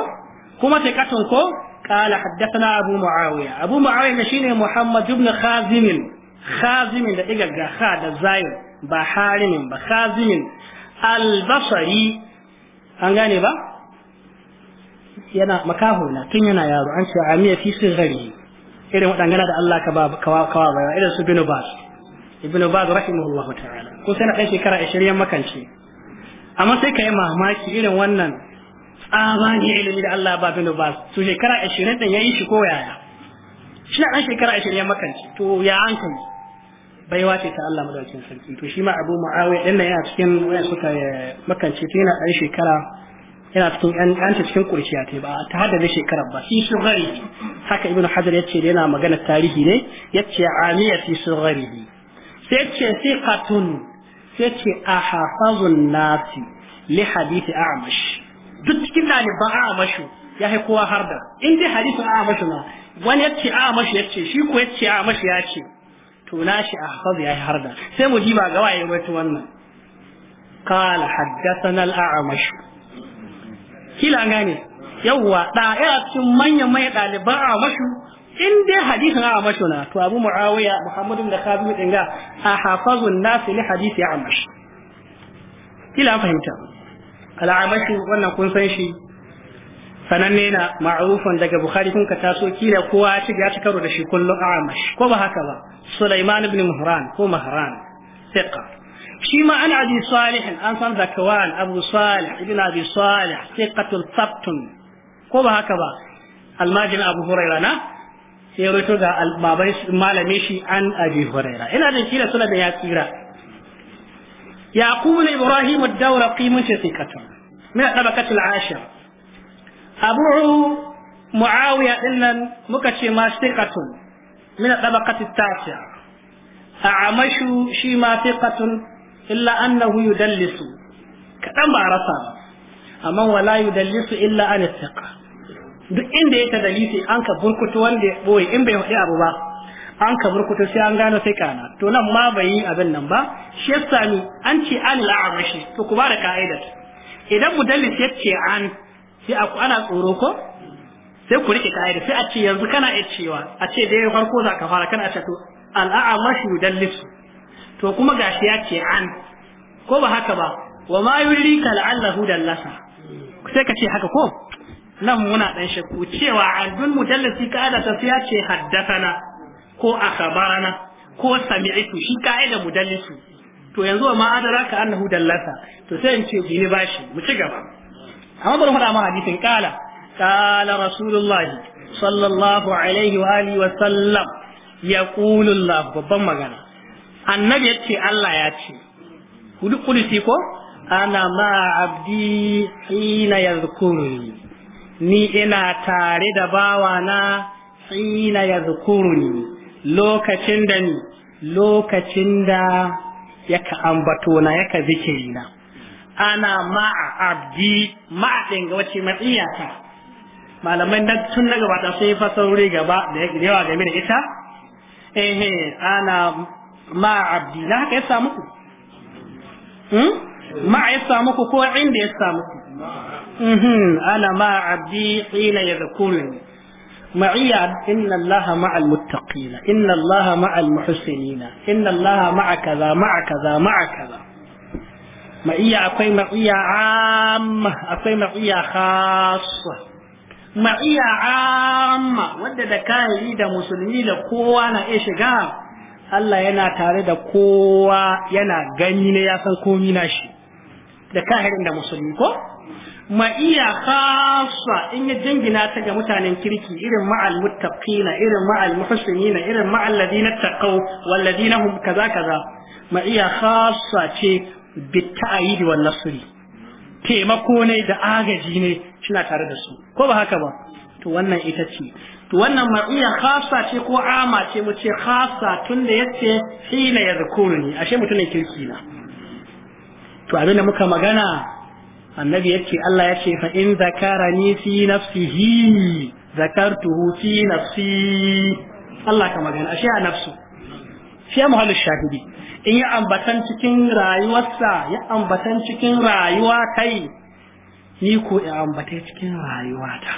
kuma thiqatun ko qala haddathana abu muawiya abu muawiya ne shine muhammad ibn khazim khazim da iga ga kha da zayin ba harimin ba khazim al-basri an gane ba yana makaho tun yana yaro an ce amiya fi sirri irin waɗangana da Allah ka ba kawa kawa ba irin su binu bas ibnu baz rahimahullahu ta'ala ko sai na ɗan shekara 20 makance amma sai ka yi mamaki irin wannan tsabani ilimi da Allah ba bin ba su shekara 20 din yayi shi ko yaya shi na shekara 20 ya makanci to ya an kai bai wace ta Allah madaukakin sarki to shi ma Abu Muawiya din nan yana cikin wani suka makanci to yana ɗan shekara yana cikin an an ta cikin kurciya ta ba ta hada da shekarar ba shi sugari haka Ibn Hajar yace da yana magana tarihi ne yace amiya fi sugari sai yace thiqatun sai yace ahafazun nasi li hadith a'mash duk cikin ɗaliban a mashu ya hai kowa har da in dai hadisin a mashu na wani yace a mashu yace shi ko yace a mashu ya ce to na shi a hafazu ya har da sai mu ji ba ga waye wata wannan qala haddathana al-a'mash kila gane yawwa da ya cikin manyan mai ɗaliban a mashu in dai hadisin a mashu na to abu muawiya muhammadu da kabi dinga a hafazu an-nas li hadisi a mashu kila fahimta al'amashi wannan kun san shi sananne na ma'rufan daga bukhari kun ka taso kila kowa ya ci karo da shi kullum a'amash ko ba haka ba sulaiman ibn muhran ko Muhran. thiqa shi ma an abi salih an san zakawan abu salih ibn abi salih thiqatul sabtun ko ba haka ba almajin abu hurairah na sai ya rito ga baban shi an abi hurairah ina jin kila suna da ya tsira يعقوب إبراهيم الدورقي ثقة من الطبقة العاشرة أبوه معاوية إلا ما ثقة من الطبقة التاسعة شي ما ثقة إلا أنه يدلس كأن رسم أما ولا يدلس إلا أن الثقة duk inda ya tadalisi an ka burkutu wanda ya ɓoye in bai abu ba an ka burkuta sai an gano sai kana to nan ma bai yi abin nan ba shi yasa ni an ce an la'amashi to ku ba da idan mudallis ya ce an sai aku ana tsoro ko sai ku rike ka'ida sai a ce yanzu kana iya cewa a ce dai farko za ka fara kana ce to al'amashi mudallis to kuma gashi ya ce an ko ba haka ba wa ma ka la'allahu dallasa sai ka ce haka ko nan muna dan shakku cewa an dun mudallisi ka'ida ta sai ya ce haddathana ko a akhbarana ko sami'tu shi ka'ida mudallisu to yanzu ma ka annahu dallasa to sai in ce bi bashi mu ci gaba amma bari faɗa ma hadisin kala kala rasulullahi sallallahu alaihi wa alihi wa sallam yaqulu Allah babban magana annabi yace Allah ya ce kulisi ko ana ma abdi hina yadhkuruni ni ina tare da bawana hina yadhkuruni lokacin da ni lokacin da yaka ambato na yaka zikiri na ana ma'a abdi ma'a ɗin ga wace matsiyata malamai da tun daga gabata sun yi fasarori gaba da yawa game da ita ehe ana ma'a abdi na haka ya samu ku hmm? ma'a ya samu ku ko inda ya samu ku hmm, ana ma'a abdi hina ya zakurin معية إن الله مع المتقين إن الله مع المحسنين إن الله مع كذا مع كذا مع كذا معية أقوي معية عامة أقوي معية خاصة معية عامة ودد كاهي دا مسلمي دا قوة أنا إيش Allah yana tare da kowa yana gani ne ya san komi na shi da kahirin da musulmi ko ma'iya khassa in ya jingina ta ga mutanen kirki irin ma'al muttaqina irin ma'al muhsinina irin ma'al ladina taqaw wal ladina hum kaza kaza ma'iya khassa ce bitta'idi wal nasri taimako ne da agaji ne suna tare da su ko ba haka ba to wannan ita ce to wannan ma'iya khassa ce ko ama ce mu ce khassa tunda yace hina yadhkuruni ashe mutumin kirki na to abinda muka magana annabi yace Allah yace fa in ni fi nafsihi zakartuhu fi nafsi Allah ka magana ashe a nafsu fiya muhallin shahidi in ya ambatan cikin rayuwarsa ya ambatan cikin rayuwa kai ni ko ya ambata cikin rayuwata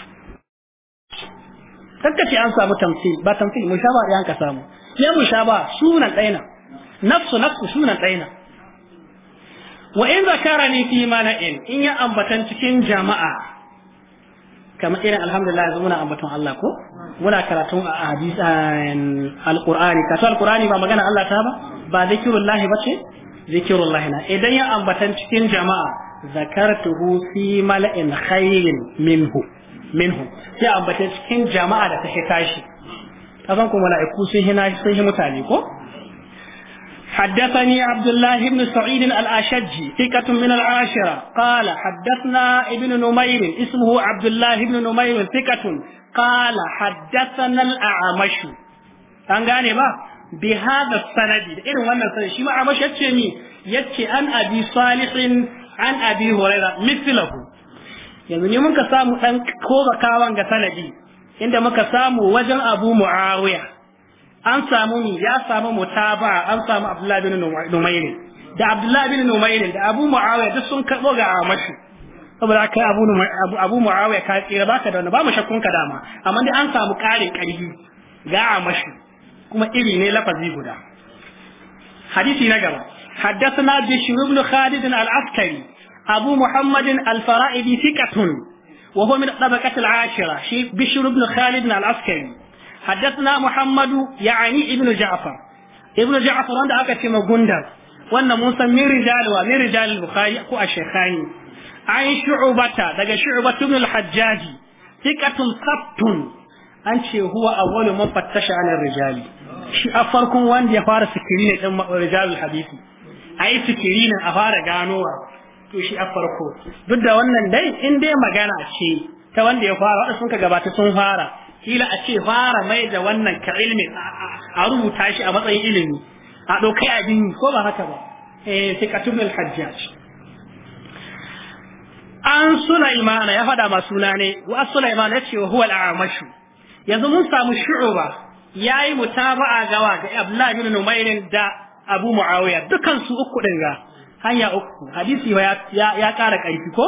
kakka ce an samu tamsil ba tamsil mu sha ba da yanka samu ya mu sha ba sunan ɗaina nafsu nafsu sunan ɗaina wa in ni fi mala'in in ya ambatan cikin jama'a kamar irin alhamdulillah yanzu muna ambaton Allah ko muna karatun a hadisan alqur'ani kato alqur'ani ba magana Allah ta ba ba zikirullahi bace zikirullahi na idan ya ambatan cikin jama'a zakartuhu fi mala'in khairin minhu minhu sai ambatan cikin jama'a da ta tashi kazan ko mala'iku sun hina sun hi mutane ko حدثني عبد الله بن سعيد الأشجي ثقة من العاشرة قال حدثنا ابن نمير اسمه عبد الله بن نمير ثقة قال حدثنا الأعمش an gane ba bi sanadi da irin wannan sanadi shi ma amma yace ni yace an abi salihin an abi huraira mithlahu yanzu ne muka samu dan ko bakawan ga sanadi inda muka samu wajen abu muawiya an samu mi ya samu mutaba an samu abdullahi bin numayri da abdullahi bin numayri da abu muawiya duk sun karbo ga amashi saboda kai abu abu muawiya ka kira baka da wani ba mu shakkun ka dama amma dai an samu karin karfi ga amashi kuma iri ne lafazi guda hadisi na gaba حدثنا بشير بن خالد العسكري أبو محمد الفرائدي ثقة وهو من الطبقة العاشرة بشير بن خالد العسكري حدثنا محمد يعني ابن جعفر ابن جعفر wanda aka ce magundar wannan mun san min rijalwa min rijal bukhari ko a shekhani an shu'bata daga shu'batu ibn al-hajjaji thiqatun sabtun an ce huwa awwalu man fattasha an rijali shi a wanda ya fara sikiri ne din rijalul hadisi ayi sikiri ne a fara ganowa to shi duk da wannan dai in dai magana ce ta wanda ya fara wanda sun ka gabata sun fara kila a ce fara mai da wannan ka ilmi a rubuta shi a matsayin ilimi a ɗaukai abin ko ba haka ba eh ka al-hajjaj an sulaiman ya faɗa ma suna ne wa sulaiman ya ce wa huwa al-amashu yanzu mun samu shu'uba yayi mutaba'a gawa ga abdullahi ibn numayr da abu muawiya dukan su uku din ga hanya uku hadisi ya ya, ya ƙara ƙarfi ko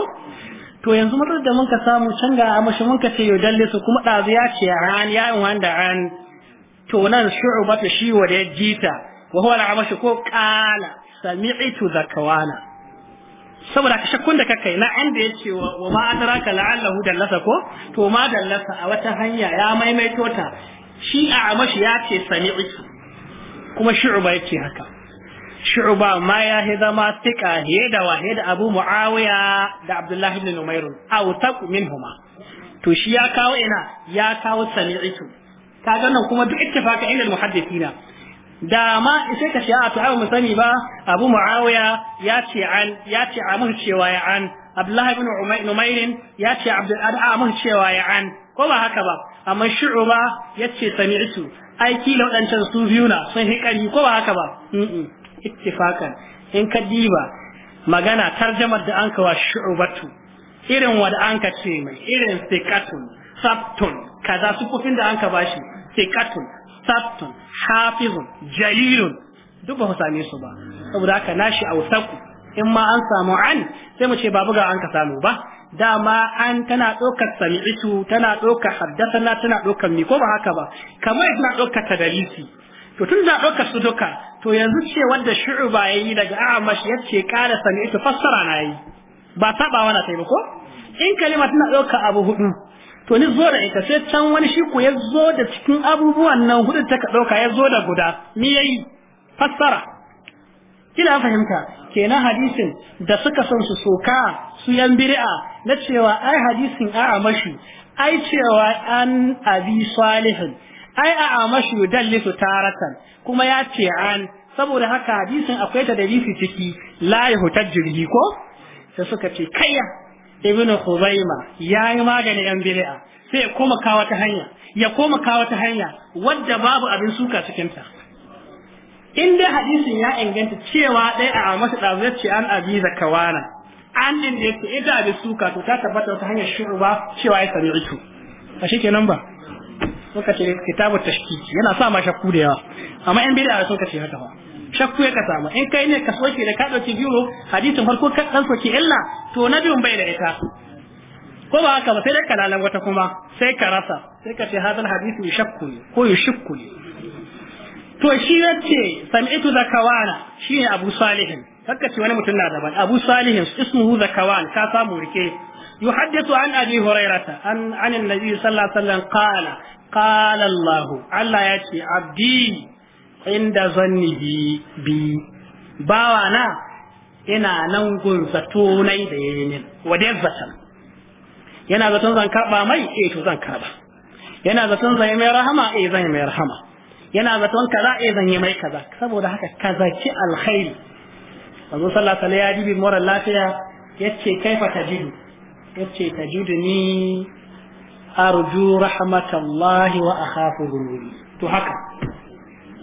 to yanzu mutum da mun ka samu can ga amashi mun ka ce yau dalle su kuma ɗazu ya ce ran ya yi wanda ran to nan shu'u ba ta shi wa da ya jita wa huwa na amashi ko ƙala sami da kawana. saboda ka shakkun da kakai na an da ya ce wa ma an raka la'allahu dallasa ko to ma dallasa a wata hanya ya maimaito ta shi a amashi ya ce sami sami'itu kuma shu'u ba ya ce haka shu'ba ma ya hi zama tika he da wahe da abu muawiya da abdullahi ibn numair aw taqu minhuma to shi ya kawo ina ya kawo sami'tu kaga nan kuma duk ittifaka inda muhaddisina da ma sai ka shi'a to ai mu sani ba Abu Muawiya ya ce an ya ce a mun cewa ya an Abdullah ibn Umayr ya ce Abdul Adha mun cewa ya an ko ba haka ba amma Shu'ba ya ce sami'tu aiki kila wadancan su biyu na sun hi ko ba haka ba ittifakan in ka diba magana tarjamar da an kawa shu'ubatu irin wanda an ka ce mai irin sikatun sabtun kaza sufufin da an ka bashi sikatun sabtun hafizun jalilun duk ba ku same su ba saboda haka nashi autaku in ma an samu an sai mu ce babu ga an ka samu ba dama an tana ɗaukar sami'itu tana ɗaukar haddasa tana ɗaukar mi ko ba haka ba kamar tana ɗaukar tadalisi to tun da ɗaukar su duka to yanzu ce wanda shi'u ya yi daga a'amash ya ce ƙara sami ita fassara na yi ba saɓa wana sai ko in kalima tana ɗauka abu hudu to ni zo da ita sai can wani shi ko ya zo da cikin abubuwan nan hudu ta ka ɗauka ya zo da guda ni ya yi fassara kina fahimta kenan hadisin da suka san su soka su yan bir'a na cewa ai hadisin a'a mashi ai cewa an abi salihin ai a amashu yudallisu taratan kuma ya ce an saboda haka hadisin akwai ta da bisi ciki la jirgi ko sai suka ce kayya ibn khuzaima yayi magani yan bid'a sai koma kawo ta hanya ya koma kawo ta hanya wadda babu abin suka cikin ta in dai hadisin ya inganta cewa dai a masa dazu ce an abi zakawana an din da yake ita da suka to ta tabbata ta hanyar shuruba cewa ya sami ito a nan ba suka ce kitabu tashkiki yana sa ma shakku da yawa amma yan bid'a suka ce haka fa shakku ya ka samu in kai ne ka soke da ka dauki biyu hadisin farko ka dan soke illa to na biyun bai da ita ko ba haka ba sai dai kalalan wata kuma sai ka rasa sai ka ce hadal hadisi shakku ne ko yushakku ne to shi ya yace sami'tu zakawana shine abu salihin kakka ce wani mutum na daban abu salihin ismuhu zakawan ka samu rike yuhaddithu an abi hurairata an an annabi sallallahu alaihi wasallam qala qala Allah Allah ya ce abdi inda zannihi bi bawa na ina nan gun zato nai da yayi min zatan yana zaton zan karba mai eh to zan karba yana zaton zan yi mai rahama eh zan yi mai rahama yana zaton kaza eh zan yi mai kaza saboda haka kaza ki alkhairi manzo sallallahu alaihi wa sallam ya dibi moral lafiya yace kaifa tajidu yace tajidu ni arju rahmatallahi wa akhafu to haka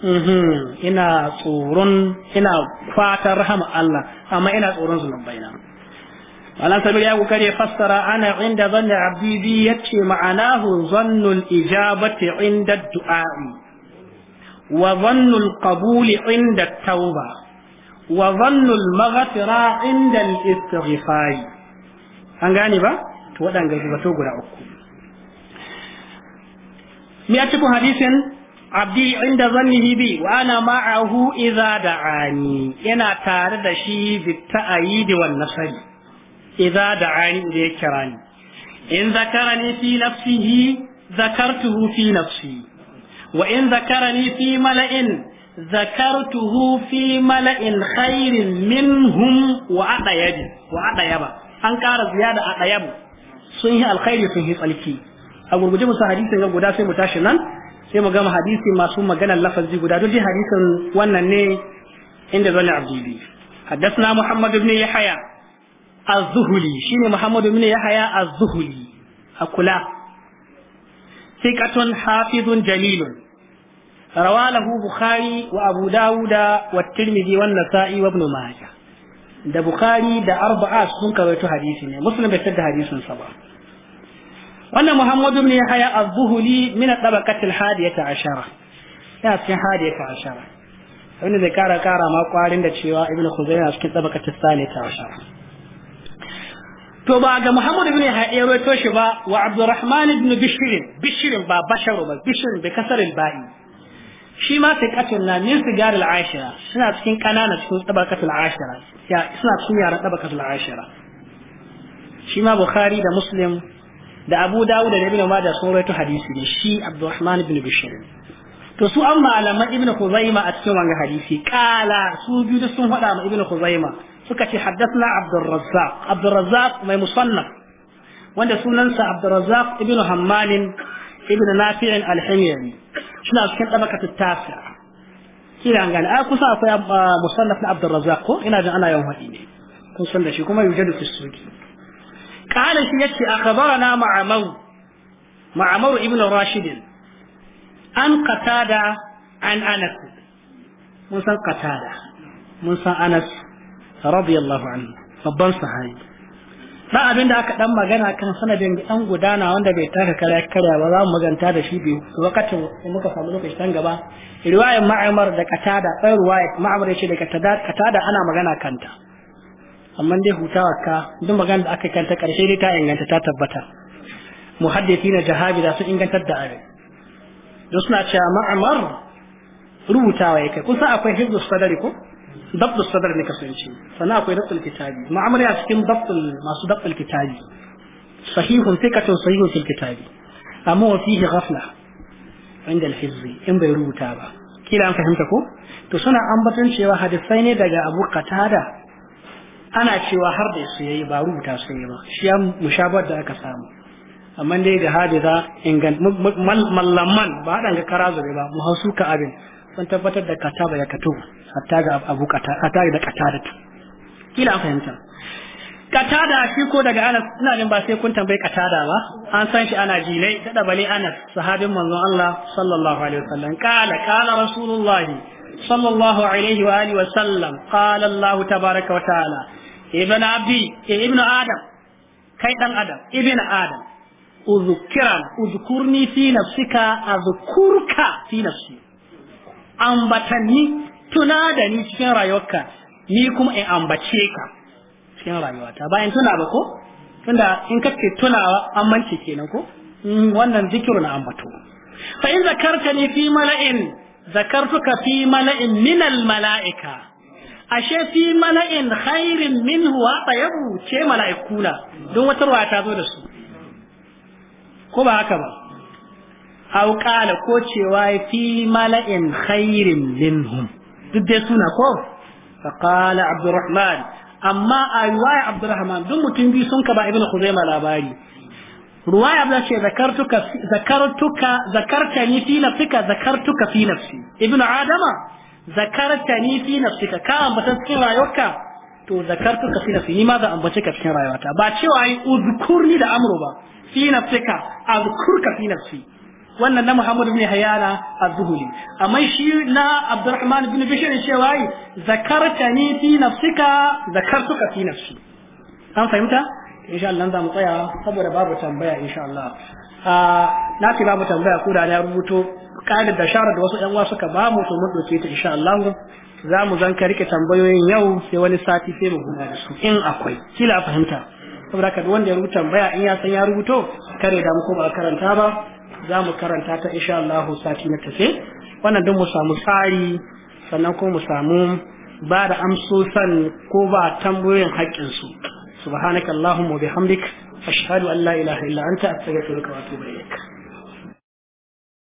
mhm. ina tsoron ina fatan rahama Allah amma ina tsoron zunubaina Allah sabir ya kokare fassara ana inda zanni abdi bi yace ma'anahu zannul ijabati inda du'a'i wa zannul qabuli inda tauba wa zannul maghfira inda al-istighfar an gane ba to waɗanga guda uku mi a cikin hadisin abdi inda zannihi bi wa ana ma'ahu idza da'ani yana tare da shi bi ta'ayidi wan nasari idza da'ani da ya kira ni in zakarani fi nafsihi zakartuhu fi nafsi wa in zakarani fi mala'in zakartuhu fi mala'in khairin minhum wa adayabi wa adayaba an ƙara ziyada adayabu sun yi alkhairi sun yi tsalki a gurguje musu hadisin ga guda sai mu tashi nan sai mu gama hadisi masu maganar lafazi guda duk hadisin wannan ne inda zan abdibi حدثنا محمد بن يحيى الزهلي شيني محمد بن يحيى الزهلي أكلا ثقة حافظ جليل روى له بخاري وأبو داود والترمذي والنسائي وابن ماجه ده بخاري ده أربعة سنك ويتو حديثين مسلم بيتد حديث سبعة wannan muhammadu ibn yahya az-zuhuli min at-tabaqati al-hadiyata ashara ya cikin hadiyata ashara wanda zai kara kara ma kwarin da cewa ibn khuzaimah cikin tabaqati as-salita ashara to ba ga muhammadu ibn yahya ya rawaito shi ba wa abdurrahman ibn bishr bishr ba bashar ba bishr bi kasar al-ba'i shi ma sai fiqatun na min sigar al-ashira suna cikin kanana cikin tabaqatul ashira suna cikin yaran tabaqatul ashira shi ma bukhari da muslim da Abu Dawud da Ibn da sun rawaito hadisi ne shi Abdurrahman ibn Bishr to su an malaman Ibn Khuzaima a cikin wannan hadisi kala su biyu da sun faɗa ma Ibn Khuzaima suka ce haddathna Abdurrazzaq Abdurrazzaq mai musannaf wanda sunansa Abdurrazzaq ibn Hammal ibn Nafi' al-Himyari suna cikin tabakatu tasa kina gane a kusa akwai ah, musannaf na Abdurrazzaq ko ina jin ana yawan haɗi ne kun san da shi kuma yujadu fi suki قال شي يكي أخبرنا معمر معمر ابن راشد عن قتادة عن أنس موسى قتادة موسى أنس رضي الله عنه babban صحيح ba abin da aka dan magana kan sanadin an gudana wanda bai taka kare kare ba za mu maganta da shi biyu lokacin da muka samu lokaci tan gaba riwayar ma'amar da qatada ɗan riwayar ma'amar yace da qatada qatada ana magana kanta amma dai hutawa ka duk magana da aka kanta karshe dai ta inganta ta tabbata muhaddithina jahabi da su inganta da abin da suna cewa ma'amar rubutawa yake kusa akwai hizbu sadari ko dabdu sadar ne kasance sannan akwai dabdu kitabi ma'amar ya cikin dabdu masu dabdu kitabi sahihun fikatun sahihun fil kitabi amma wa fihi ghafla inda al-hizbi in bai rubuta ba kila an fahimta ko to suna ambaton cewa hadisai ne daga Abu Qatada ana cewa har da su yayi ba rubuta su yayi ba shi ya mushabar da aka samu amma dai da hadiza ingan mallaman ba hadan ga karazo ba mu ka abin sun tabbatar da kataba ya kato hatta ga abu kata hatta da katada kila an fahimta katada shi ko daga Anas ina jin ba sai kun tambayi katada ba an san shi ana jinai dada bale Anas sahabin manzon Allah sallallahu alaihi wasallam kala kala rasulullahi sallallahu alaihi wa alihi wasallam qala Allah tabaaraka wa ibn abi eh, ibn adam kai dan adam ibn adam uzkiran uzkurni fi nafsika azkurka fi nafsi ambatanni tuna da ni cikin rayuwarka ni kuma in ambace ka cikin rayuwata bayan tuna ba ko tunda in kace tunawa an mance kenan ko mm, wannan zikiru na ambato fa in zakartani fi mala'in zakartuka fi mala'in min al mala'ika ashe fi mala'in khairin minhu wa tayyibu ce mala'ikuna don wata ruwa ta zo da su ko ba haka ba aw qala ko cewa fi mala'in khairin minhum duk dai suna ko fa qala abdurrahman amma a riwaya abdurrahman duk mutum biyu sun ka ba ibnu khuzaima labari ruwaya ba ce zakartuka zakartuka zakartani fi nafsika zakartuka fi nafsi Ibn adama zakarta ni fi nafsika ka ambata cikin rayuwarka to zakartu ka fi nafsi ni ma za ambace ka cikin rayuwata ba cewa ai uzkurni da amru ba fi nafsika ka fi nafsi wannan na Muhammad ibn Hayana az-Zuhuli amma shi na Abdurrahman ibn Bishr cewa ai zakartani fi nafsika ka fi nafsi an fahimta insha Allah za mu tsaya saboda babu tambaya insha Allah ah, na ce babu tambaya ko da na rubuto kada da sharar da wasu 'yan wasu ka ba mu to mun doke ta insha Allah za mu zanka rike tambayoyin yau sai wani sati sai mu guna da su in akwai kila fahimta saboda haka wanda ya rubuta tambaya in ya san ya rubuto kare da mu ko ba karanta ba za mu karanta ta insha Allah sati na tafe wannan don mu samu tsari sannan ko mu samu ba da amsosan ko ba tambayoyin haƙƙin su subhanakallahumma wa bihamdik ashhadu an la ilaha illa anta astaghfiruka wa atubu ilaik